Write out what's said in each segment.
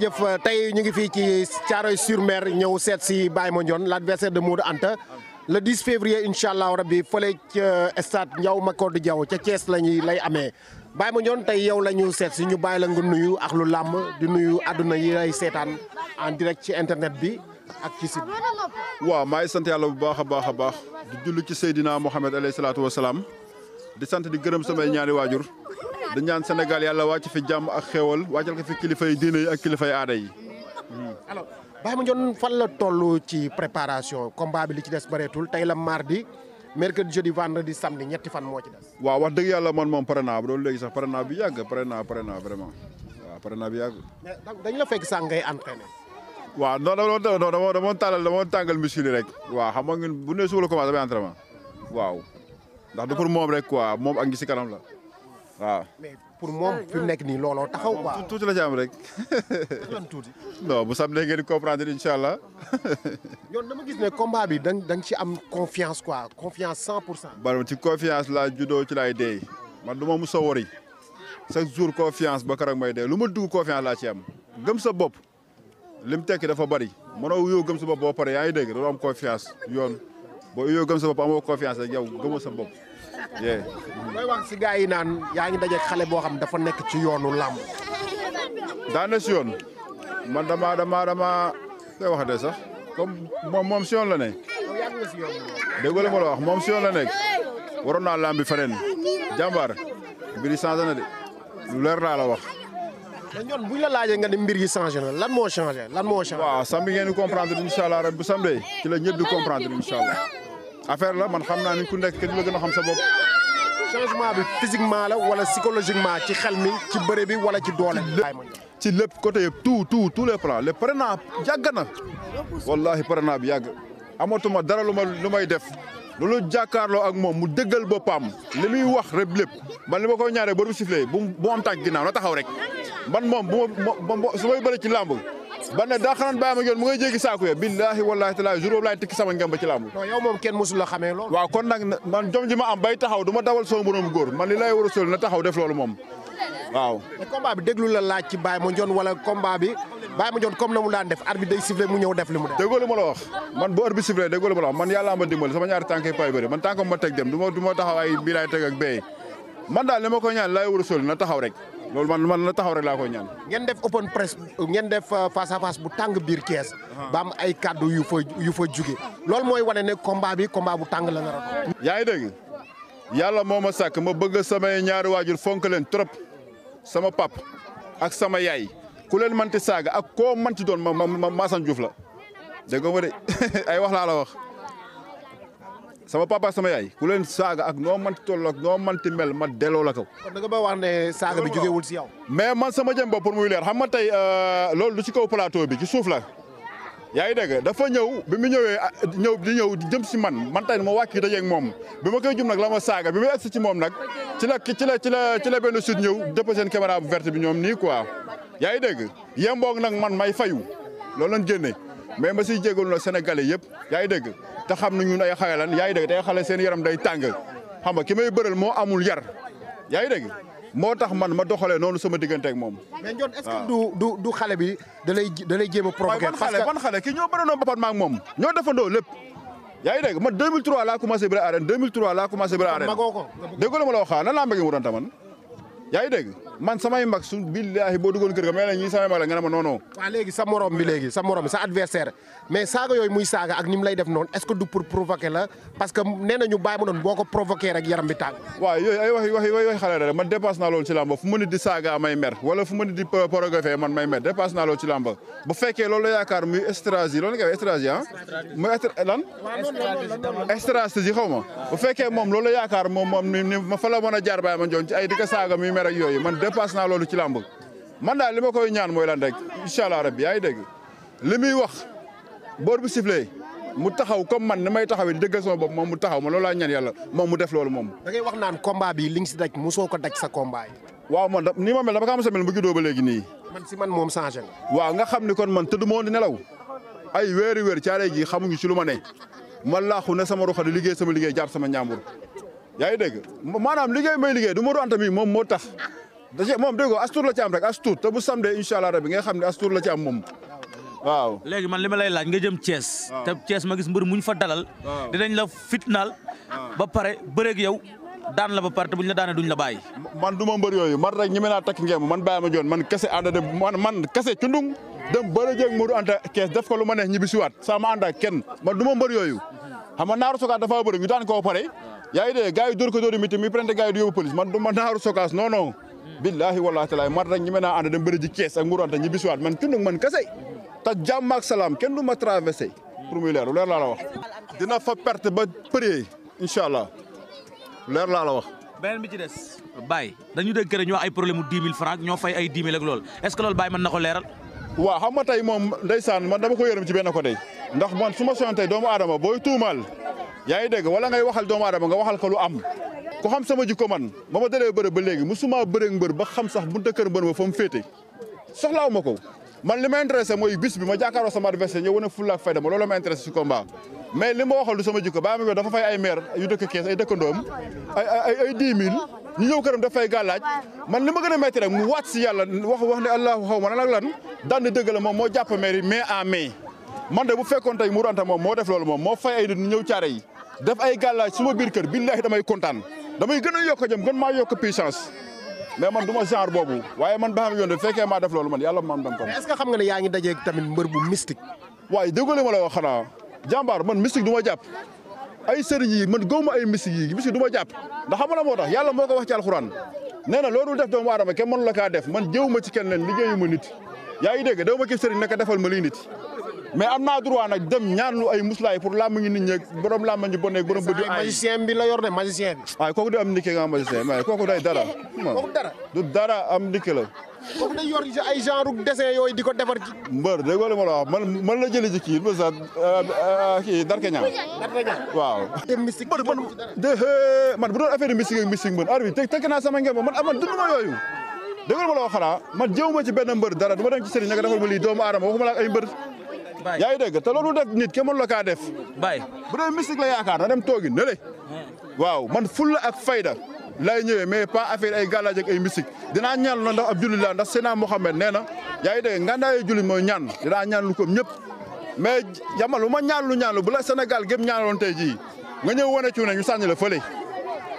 jëf tey ñu ngi fii ci Thiaroye-sur-Mer ñëw seet si Baye Mandione l'adversaire de Modou Anta le 10 février incha allah rabbi fële ca stade Ndiaw Macodou Diaw ca Thiès la ñuy lay amee Baye Mandione tey yow la ñu seet si ñu bàyyi la nga nuyu ak lu di nuyu àdduna yi lay seetaan en direct ci internet bi ak ci site waaw maa ngi sant yàlla bu baax a baax a baax di julli ci Seydina Mohamed alayhi salaatu wa salaam di sant di gërëm samay ñaari waajur. dañ ñaan Sénégal yàlla wàcc fi jàmm ak xéwal wàccal ko fi kilifa yi diine yi ak kilifa yi aada yi. alors Baye Mandione fan la toll ci préparation combat bi li ci des bareetul tey la mardi mercredi jeudi vendredi samedi ñetti fan moo ci des. waaw wax dëgg yàlla man moom pare naa ba loolu léegi sax pare bi yàgg pare naa pare naa vraiment waaw pare bi yàgg. mais dañ la fekk sax ngay entraîné. waaw non non non dama dama tàllal dama tàngal muscle rek. waa xam nga bu ne suba ko commencé ba entraînement ndax du pour moom rek quoi moom ak ngi si kanam la. waaw mais pour moom fi mu nekk nii looloo taxaw quoi. tuuti la ci am rek. tuuti. non bu samedi ngeen comprendre incha allah. yoon dama ne combat bi da nga ci am confiance quoi confiance 100 pour cent. bari ci confiance laa juddoo ci laay dee man du ma mus a wari chaque jour confiance ba keroog may dee lu ma dugg confiance laa ci am gëm sa bopp mu tekki dafa bari mënoo yow gëm sa bopp boo pare yaa ngi dégg dafa am confiance yoon boo yoo gëm sa bopp amoo confiance rek yow gëmoo sa bopp. mooy wax si gars yi naan yaa ngi daje xale boo xam dafa nekk ci yoonu làmb. daana si yoon man dama dama dama wax de sax comme moom moom si yoon la ne. dégg la ma la wax moom si yoon la nekk waroon naa làmbi feneen jàmbaar mbir yi changé na de lu leer laa la wax. mais ñoom bu la laajee nga ni mbir i changé lan moo changé lan moo changé. waaw samedi ngeen di comprendre incha allah rek bu samedi ci la ñëpp affaire la man xam naa ni ku nekk kenn la gën a xam sa bopp. changement bi physiquement la wala psychologiquement ci xel mi ci bëre bi wala ci doole. ci lépp côté yëpp tout tout tous les plans le parrainage yàgg na. wallaahi parrainage bi yàgg amatuma dara lu ma lu may def. loo jàkkaarloo ak moom mu dëggal boppam li muy wax rek lépp man li ma koy ñaaree ba du sifflé bu mu am tànk ginnaaw na taxaw rek man moom bu ma su may bëri ci làmb. ba ne daa xanaan bàyyi ma yoon mu ngay jéggi saako ya billaahi wallaahi taala jour boobu laay tikki sama ngem ba ci làmb waaw kon nag man jom am bay taxaw du ma dawal sama góor man li lay war a sol na taxaw def loolu moom waaw mais la laaj ci Baye Mandione wala combat bi Baye Mandione comme na mu daan def arbitre day sifflé mu ñëw def li mu def déggoo lu ma la wax man bu arbitre taxaw ay bii laay teg ak bay man daal li ñaan lay war a sol na taxaw rek loolu man man la taxaw rek laa koy ñaan. ngeen def open press ngeen def euh, face à face bu tàng biir Thiès. Uh-huh. ba ay kàddu yu fa yu fa loolu mooy wane ne combat bi combat bu tàng la nga rafetlu. yaa ngi dégg moo ma sak ma bëgg samay ñaari waajur fonk leen trop sama pap ak sama yaay ku leen mënti saaga ak ko mënti doon ma ma ma Massane Diouf la dégg nga de ay wax laa la wax. sama papa sama yaay ku leen saaga ak noom man ti toll noom man manti mel ma delloo la kaw. kon da nga ba wax ne saaga yow. mais man sama jëm bopp pour muy leer xam nga tey euh, loolu du ci kaw plateau bi ci suuf la. yaa ngi dégg dafa ñëw bi mu ñëwee ah, ñëw di ñëw jëm si man man tey ma wàcc dajeeg moom bi ma koy jum nag la ma saaga bi ma egsi ci moom nag ci la ci la ci la ci la benn sud ñëw dëpp seen caméra bu verte bi ñoom nii quoi. yaa ngi dégg yemboog nag man may fayu loolu lañ génne mais ma si jégalu nag sénégalais yëpp yaa ngi dégg te xam na ñun ay xale lan yaa ngi dégg tey xale seen yaram day tàng xam nga ki may bëral moo amul yar yaa ngi dégg moo tax man ma doxalee noonu sama diggante moom. mais Ndione est-ce du xale bi da lay jéem a provoquer. parce que xale kii ñoo bëreeloo boppam moom ñoo defandoo lépp. yaa ngi dégg man 2003 laa commencé bëre arène 2003 laa commencé bëre arène. magoo ko dégg nga lu la wax ah nan laa mbëggee yaa ngi dégg man samay mag su billaahi boo duggoon kër ga may la ñuy samay mag la nga ne ma non non. waaw léegi sa morom bi léegi sa morom sa adversaire mais saaga yooyu muy saaga ak ni mu lay def noonu est-ce que du pour provoquer la parce que nee nañu bàyyi ma noonu boo ko provoquer rek yaram bi tàng. waaw yooyu ay wax wax wax xale rek man dépasse naa loolu ci làmba fu mu nit di saaga may mer wala fu mu nit di porogafee man may mer dépasse naa loolu ci làmba bu fekkee loolu la yaakaar muy stratégie loolu nga wax stratégie ah. muy lan. stratégie xaw ma bu fekkee moom loolu la yaakaar moom moom ni ma fa la mën a jaar bàyyi ma njoon ci ay di ko saaga mi mer ak yooyu man dépasse naa loolu ci làmb man daal li ma koy ñaan mooy lan rek incha allah rabbi yaa ngi dégg li muy wax boor bu sifflé mu taxaw comme man ni may taxawee di dëggal sama bopp moom mu taxaw ma loolu laa ñaan yàlla moom mu def loolu moom. da ngay wax naan combat si daj mosoo ko daj sa combat yi. waaw man ni ma mel dama ko am sa mel bu juddoo ba léegi nii. man moom changé nga. waaw nga xam ni kon man tëdd moo di nelaw ay weeri weer caare gi xamuñu ci lu ma ne. ma laaxu ne sama ruxa liggéey sama liggéey jàpp sama ñaambur yaa ngi dégg maanaam liggéey may liggéey du Modou Anta mi moom moo tax da moom dégg nga as tuut la ci am rek as tuut te bu samedi incha allah rabi nga xam ne as la ci moom waaw. léegi man li ma lay laaj nga jëm Thiès. te Thiès ma gis mbër muñ fa dalal. dinañ la fitnaal. ba pare bëreeg yow daan la ba pare bu buñ la duñ la bàyyi. man du ma mbër yooyu man rek ñi mën tak takk man bàyyi ma joon man kese ànd de man man kese cundung dem bëri jéeg Modou Anta Thiès def ko lu ma neex ñibbi kenn man du ma mbër yooyu xam nga naaru sokaat ñu daan koo pare yaa ngi dégg gars yi dóor ko dóor miti mi prente gars yi du yóbbu police man man naaru sokaas non billaahi wallaahi talaay mar rek ñi mën naa ànd dem bëri ji kees ak ñi bisuwaat man cundug man kese te jàmm salaam kenn du ma traversé pour muy leer leer laa la wax dina fa perte ba përie incha allah leer laa la wax beneen bi ci des Baye dañu dégg kër ñoo ay problème mu dix mille francs ñoo fay ay dix mille ak loolu est ce na ko leeral waaw xam nga tey moom ndeysaan man dama ko yërëm ci benn côté ndax man su ma soon doomu aadama booy tuumaal yaa ngi dégg wala waxal doomu aadama nga waxal ko lu am ku xam sama jikko man ba ma dalee bëre ba léegi musuma bëre mbër ba xam sax bunta kër mbër ma fa mu féete soxlaaw ma ko man li ma intéressé mooy bis bi ma jàkkaaroo sama adversaire ñëw wane fulla ak fayda ma loolu ma intéressé si combat mais li ma waxal du sama jikko baa ma dafa fay ay maire yu dëkk kees ay dëkkandoom ay ay ay dix ñëw këram daf fay gàllaaj man li ma gën a métti rek mu waat si wax wax ne ma nan ak lan daan na moom moo jàpp mais en mai man de bu fekkoon moo def loolu moom moo fay ay nit yi def ay gàllaaj suma biir kër billaahi damay kontaan damay gën a yokk jëm gën maa yokk puissance mais man du ma genre boobu waaye man ba xam yoon de fekkee maa def loolu man yàlla man dam ko est-ce que xam nga ne yaa ngi dajeeg tamit mbër bu mystique waaye man mystique du jàpp ay sëriñ yi man gëw ma ay mystique yi mystique du ma jàpp ndax moo tax yàlla moo ko wax ci alxuraan nee na loolu def doomu aadama kenn mënu la kaa def man jëw ma ci kenn liggéeyu ma nit yaa ngi dégg daw ma ki sëriñ naka defal mais am naa droit nag dem ñaanlu ay muslaay pour làmb ngi nit ñeeg borom làmb ñu bonneeg borom bëdi ay magicien bi la yor de magicien bi waaw kooku de am ndikke nga magicien waaye kooku day dara kooku dara du dara am ndikke la kooku day yor ay genre yooyu di ko defar ci mbër dégg nga li man la jëlee ci kii ba sax euh, euh, kii darke ñaan darke ñaan waaw mystique mbër man de man bu doon affaire mystique ak mystique man arbi teg teg naa sama man aman ah, ma yooyu dégg nga li ma la man jëwuma ci benn mbër dara du ma dem ci sëriñ naka defal ma lii doomu aadama waxuma la ay mbër yaa ngi dégg te loolu nag nit ke mën la kaa def bay bu dee mystique la yaakaar na dem toogi ne waaw man fulla ak fayda lay ñëwee mais pas affaire ay gàllaaj ak ay mystique dinaa ñaan la ndax ab julli la ndax Seydina Mohamed nee na yaa ngi dégg julli mooy ñaan dinaa ñaan lu ko ñëpp mais jamal lu ma ñaan lu ñaan lu bu la Sénégal gépp ñaanaloon tey jii nga ñëw wane ci ne ñu sànni la fële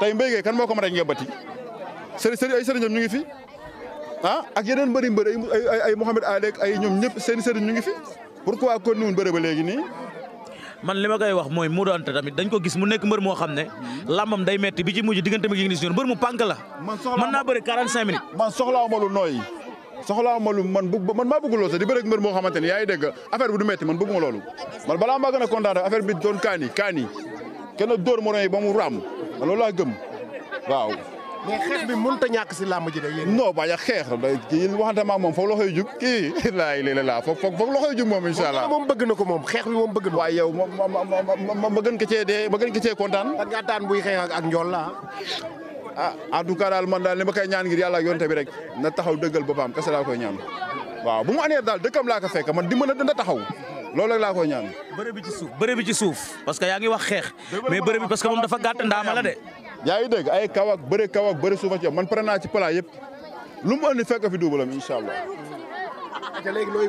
tey mbéy kan moo ko mën a ngebati sëriñ sëriñ ay sëriñam ñu ngi fi ah ak yeneen mbëri mbëri ay ay Mohamed Ali ay ñoom ñëpp seen sëriñ ñu ngi fi pourquoi continué wuñ bëre ba léegi nii. man li ma koy wax mooy Modou Anta tamit dañ ko gis mu nekk mbër moo xam ne làmbam day metti bi ci mujj diggante mi ngi gis ñun mu pànk la. man soxla mën naa bëri 45 minutes. man soxla ma lu nooy soxla ma man maa bëgg loolu sax di bëri mbër moo xamante ni yaa ngi dégg affaire bi du metti man bëgguma loolu. man balaa maa gën a kontaan affaire bi doon kaani kaani kenn dóor moroom yi ba mu raam man loolu laa gëm waaw mais xeex bi mënut a ñàkk si làmb ji de yéen. non a xeex kii ma ak moom foog loxoy jug kii laay lii laa foog foog loxoy jug moom incha allah moom bëgg na ko moom xeex bi moom bëgg na ma ma ma ma gën ko cee dee kontaan. ak ñaataan xeex ak njool la ah, ah en daal man daal li ma koy ñaan ngir yàlla ak yonte bi rek na taxaw dëggal boppam kese laa koy ñaan waaw bu mu aneer daal dëkkam laa ko fekk man di mën a dana taxaw loolu rek laa koy ñaan. bi ci suuf parce que yaa ngi wax xeex mais bëre yaa ngi dégg ay kaw ak bëre kaw ak bëre suufa ci man pare naa ci plat yëpp lu mu andi fekk fi duubalam incha allah. te léegi looy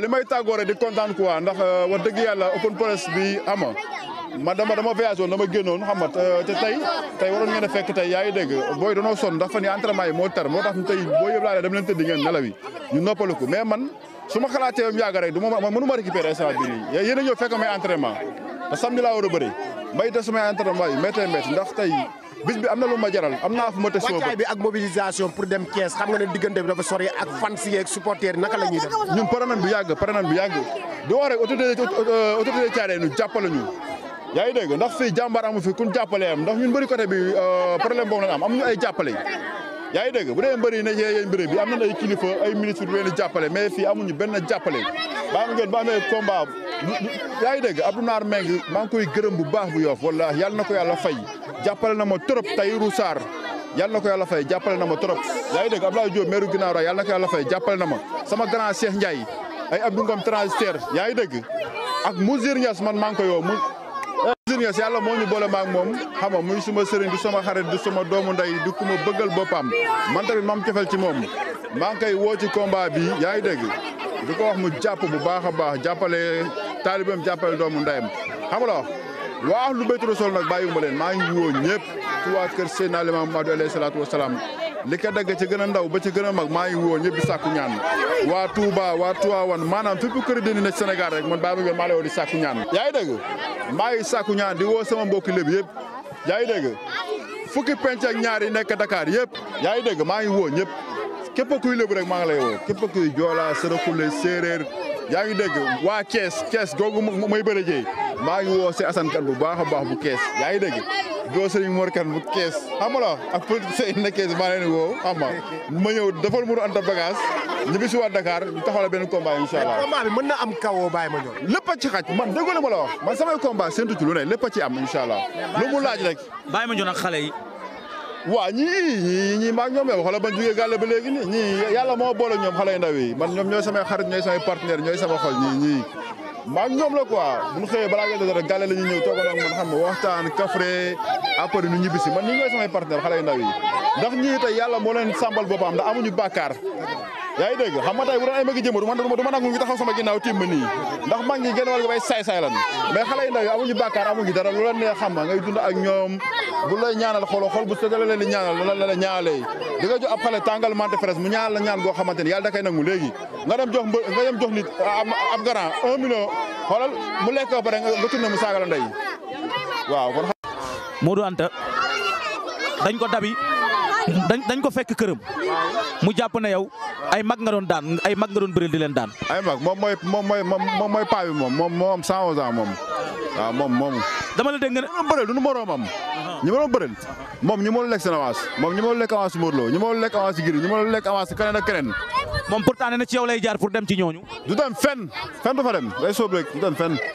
li may tàggoo di kontaan quoi ndax euh, wax dëgg yàlla open press bi ama ma dama dama voyage woon dama génnoon xam nga euh, te tey tey waroon ngeen a fekk tey yaa ngi dégg booy danoo sonn ndax fan yi entraînement moo tar moo tax tey boo yëpp laa dem leen tëdd ngeen nelaw yi ñu noppaliku mais man su ma xalaatee yàgg rek du ma mënu ma récupérer instant bii nii yéen a fekk may entraînement te samedi a bëri may des samay entraînement yi méttee métti ndax tey bis bi am na lu ma jaral am naa fu ma tës wàccaay bi ak mobilisation pour dem Thiès xam nga ne diggante bi dafa sori ak fans yi ak supporters naka la ñuy def ñun pare nañ bu yàgg pare nañ bu yàgg di wax rek autorité autorité Thiaré ñu jàppale ñu yaa ngi dégg ndax fii jàmbaar amu fi kun jàppale am ndax ñun bëri côté bi euh, problème boobu lañ am am ñu ay jàppale yaa ngi dégg bu dee mbëri yi ne yéen mbëri bi am nañ ay kilifa ay ministre yu leen di jàppale mais fii amuñu benn jàppale ba am ngeen ba amee combat yaa ngi dégg Abdou Naar Mbengue maa ngi koy gërëm bu baax bu yoof wala yàlla na ko yàlla fay jàppale na ma trop Tahirou Sarr yàlla na ko yàlla fay jàppale na ma trop yaa ngi dégg Abdoulaye Diop maire Guinaw Rail yàlla na ko yàlla fay jàppale na ma sama grand Cheikh Ndiaye ay Abdou Ngom transitaire yaa ngi dégg ak Mouzir Niass man maa ngi ko yow Mouzir Niass yàlla moo ñu boole maak moom xam nga muy suma sëriñ di sama xarit di sama doomu ndey di ku ma bëggal boppam man tamit mam cofel ci moom maa ngi koy woo ci combat bi yaa ngi dégg di ko wax mu jàpp bu baax a baax jàppale taalibeem jàppale doomu ndeyam xam nga waa ahlu baytu rasul nag bàyyiwuma leen maa ngi woo ñëpp ci waa kër Seydina Limaamu Mahdi alayhi li ko dagg ca gën a ndaw ba ca gën a mag maa ngi woo ñëpp di sàkku ñaan waa Touba waa Tivaouane maanaam fépp kër dini na Sénégal rek man bàyyi ma ngeen maa lay woo di sàkku ñaan yaa ngi dégg maa ngi sàkku ñaan di woo sama mbokki lépp yëpp yaa ngi dégg fukki penc ak ñaar yi nekk Dakar yëpp yaa ngi dégg maa ngi woo ñëpp képp kuy rek maa ngi lay woo képp kuy joolaa saraxule séeréer yaa ngi dégg waa kees kees googu may bëre jëy maa ngi woo si Assane Kane bu baax a baax bu kees yaa ngi dégg doo Serigne Mor Kane bu kees xam nga ak politique na kees maa woo xam ma ñëw defal mënu anta bagage ñu bi si waa Dakar ñu taxawal benn combat incha allah combat bi mën na am kawoo bàyyi ma ñëw lépp a ci xaj man déggu la ma la wax man samay combat séntu ci lu ne lépp a ci am incha lu mu laaj rek bàyyi ma ñëw a xale yi waaw ñii ñii ñii maag ñoom yow xoolal bañ jugee gàlle ba léegi nii ñii yàlla moo boole ñoom xale yu ndaw yi man ñoom ñooy samay xarit ñooy samay partenaire ñooy sama xol ñii ñii maag ñoom la quoi bu ñu xëyee balaa ngeen dara gàlle la ñuy ñëw toogoon man xam nga waxtaan kafre après ñu ñibbisi man ñii ñooy samay partenaire xale yu ndaw yi ndax ñii tey yàlla moo leen sàmbal boppam ndax amuñu bàkkaar yaa ngi dégg xam nga tey bu doon ay magi jëma du ma du ma nangu ngi taxaw sama ginnaaw tiim ma nii ndax mag ñi genn wàll gi bay saay-saay lan mais xale yi ndaw yi amuñu bàkkaar amuñu dara lu la neex xam nga ngay dund ak ñoom bu lay ñaanal xolo xol bu sëgale leen ñaanal loolu la la ñaanalee di nga jox ab xale tàngal mante fraise mu ñaan ñaan goo xamante ni yàlla da koy léegi nga jox nit ab garant un million mu lekk ba pare nga tourné mu saaga la waaw dañ ko dabi dañ ko fekk mu jàpp na yow ay mag nga doon daan ay mag moom mooy moom moom mooy paa moom ah, moom moom dama la dégg nga ne moom bëreel du moroomam. Uh-huh. ñu ma doon moom ñu ma doon lekk seen avance moom ñu ma doon lekk avance Modou Lo ñu ma doon lekk avance Gris ñu ma doon lekk avance moom pourtant nee ci yow jaar pour dem ci ñooñu. du dem fenn fenn du fa dem day sóob du dem fenn.